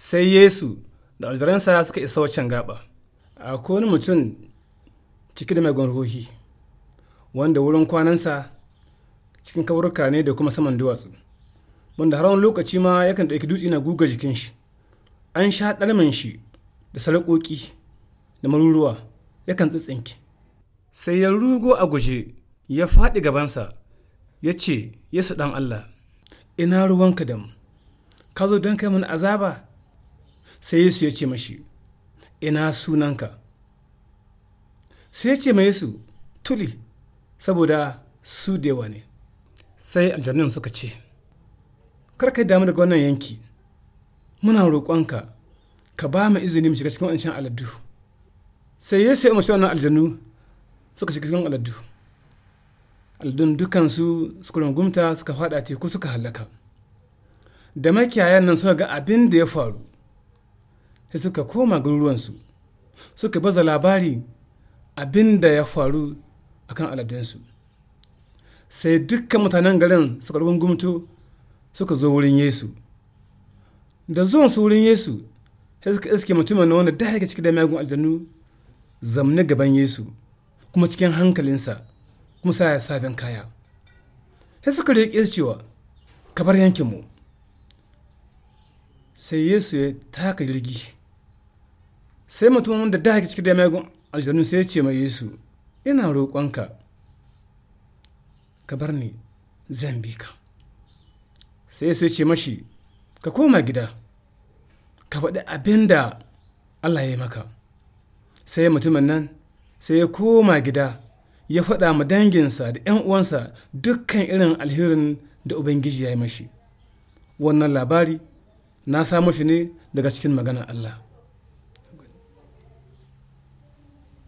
sai yesu da aljiransa suka isa waccan gaba a wani mutum cike da mai wanda wurin kwanansa cikin kaburka ne da kuma saman duwatsu wanda har wani lokaci ma yakan ɗauki dutse na guga jikin shi an sha ɗalmin shi da sarƙoƙi da maruruwa yakan tsitsinki sai ya rugo a guje ya faɗi gabansa ya ce yesu ɗan allah ina ruwanka da mu ka zo don kai mana azaba sai yesu ya ce mashi ina sunanka sai ya ce ma yesu tuli saboda su dewa ne sai aljanun suka ce karka damu daga wannan yanki muna roƙonka ka ba mu izini mu shiga cikin wancan aladu sai yesu ya umarci wannan aljanu suka shiga cikin aladu aladun dukansu suka rungumta suka faɗa teku suka halaka da makiyayan nan suka ga abin da ya faru sai suka koma garuruwansu suka baza labari abin da ya faru akan aladunsu sai dukkan mutanen garin suka rungumto suka zo wurin yesu da zuwan wurin yesu sai suka iske mutumin na wanda da yake cike da magun aljanu zamne gaban yesu kuma cikin hankalinsa kuma sa ya sabin kaya sai suka riƙe cewa ka yankinmu sai yesu ya taka jirgi sai mutumin da da cike da magun aljanu sai ce mai yesu ina roƙonka ka bar ni zan bi ka sai sai ce mashi ka koma gida ka faɗi abin da allah ya yi maka sai mutumin nan sai ya koma gida ya faɗa ma danginsa da 'yan uwansa dukkan irin alherin da ubangiji ya yi mashi wannan labari na samu shi ne daga cikin magana allah